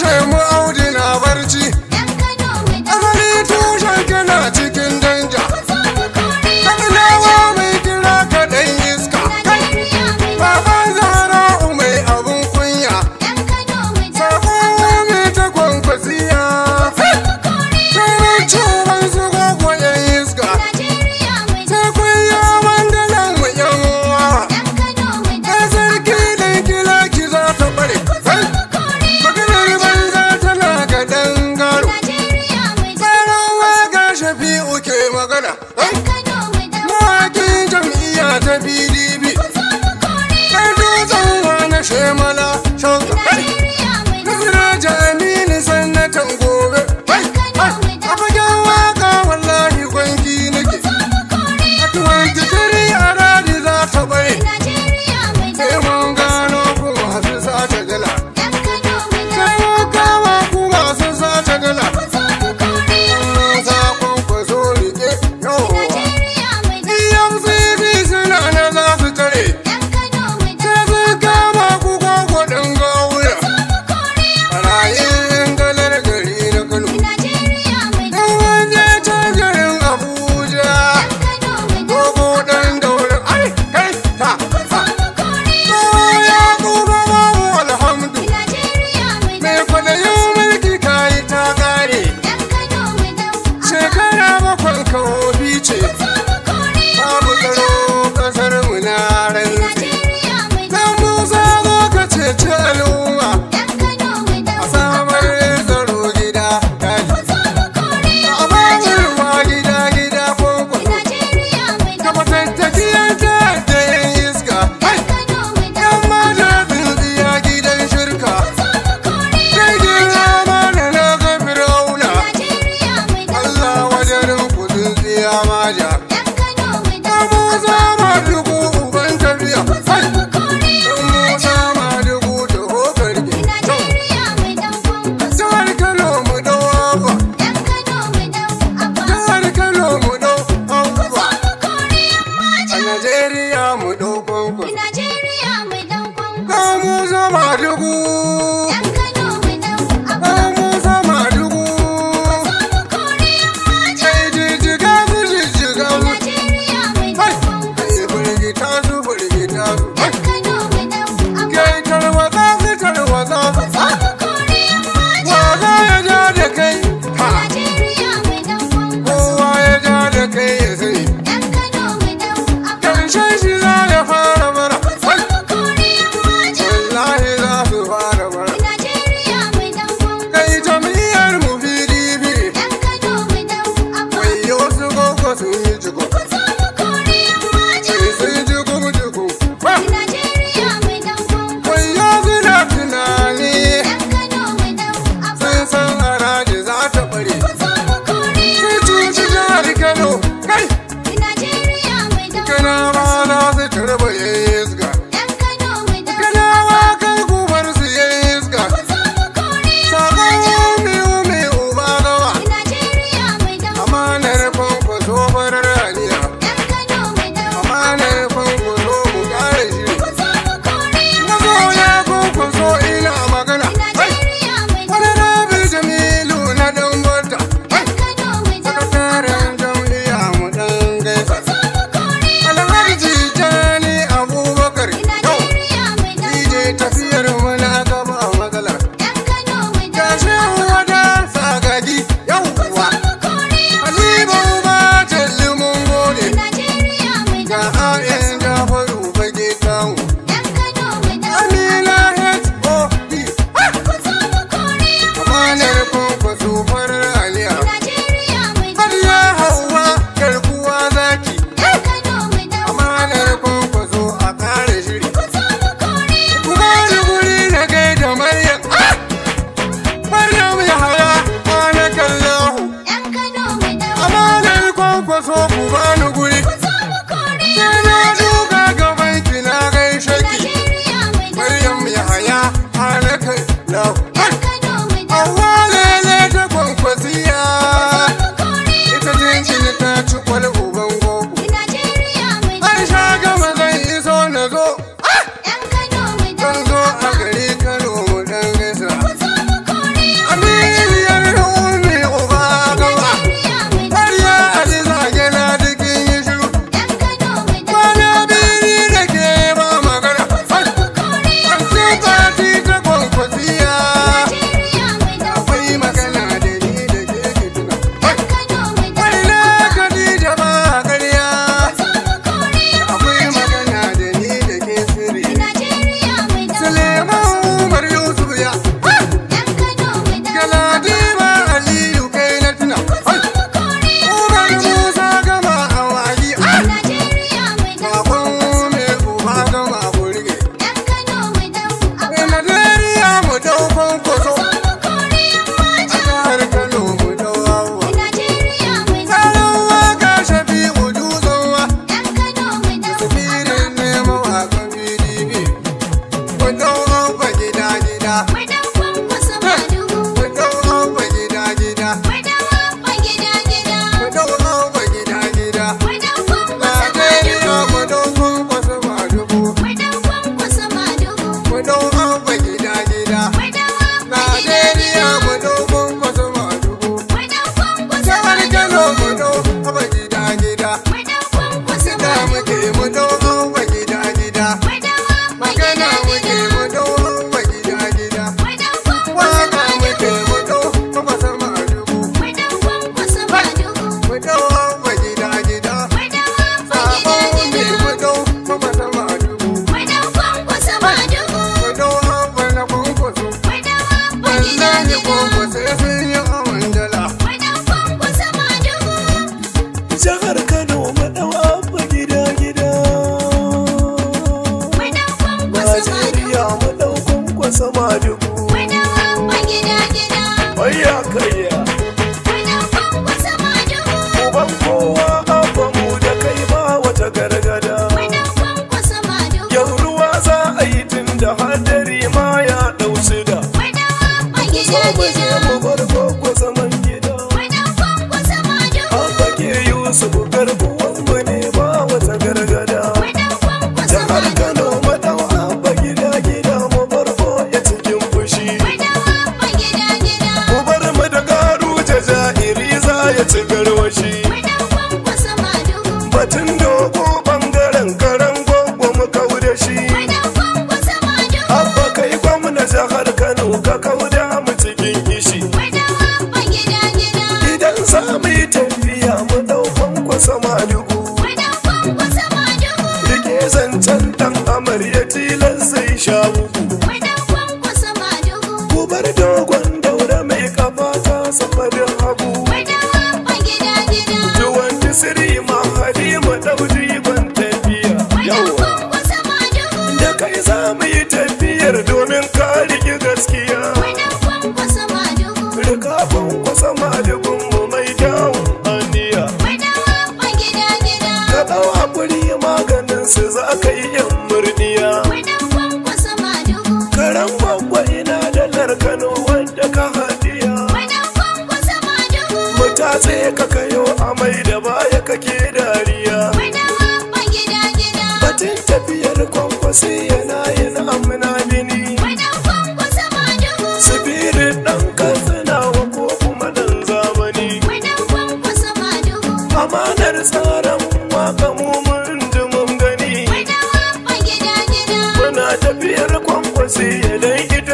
ce mu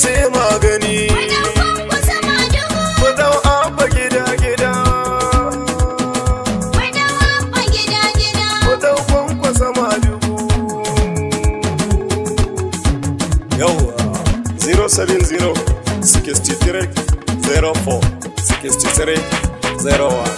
ce magani Wadau abba gida gida Wadau kwankwasa madugu Yawa 070 63 04 63 01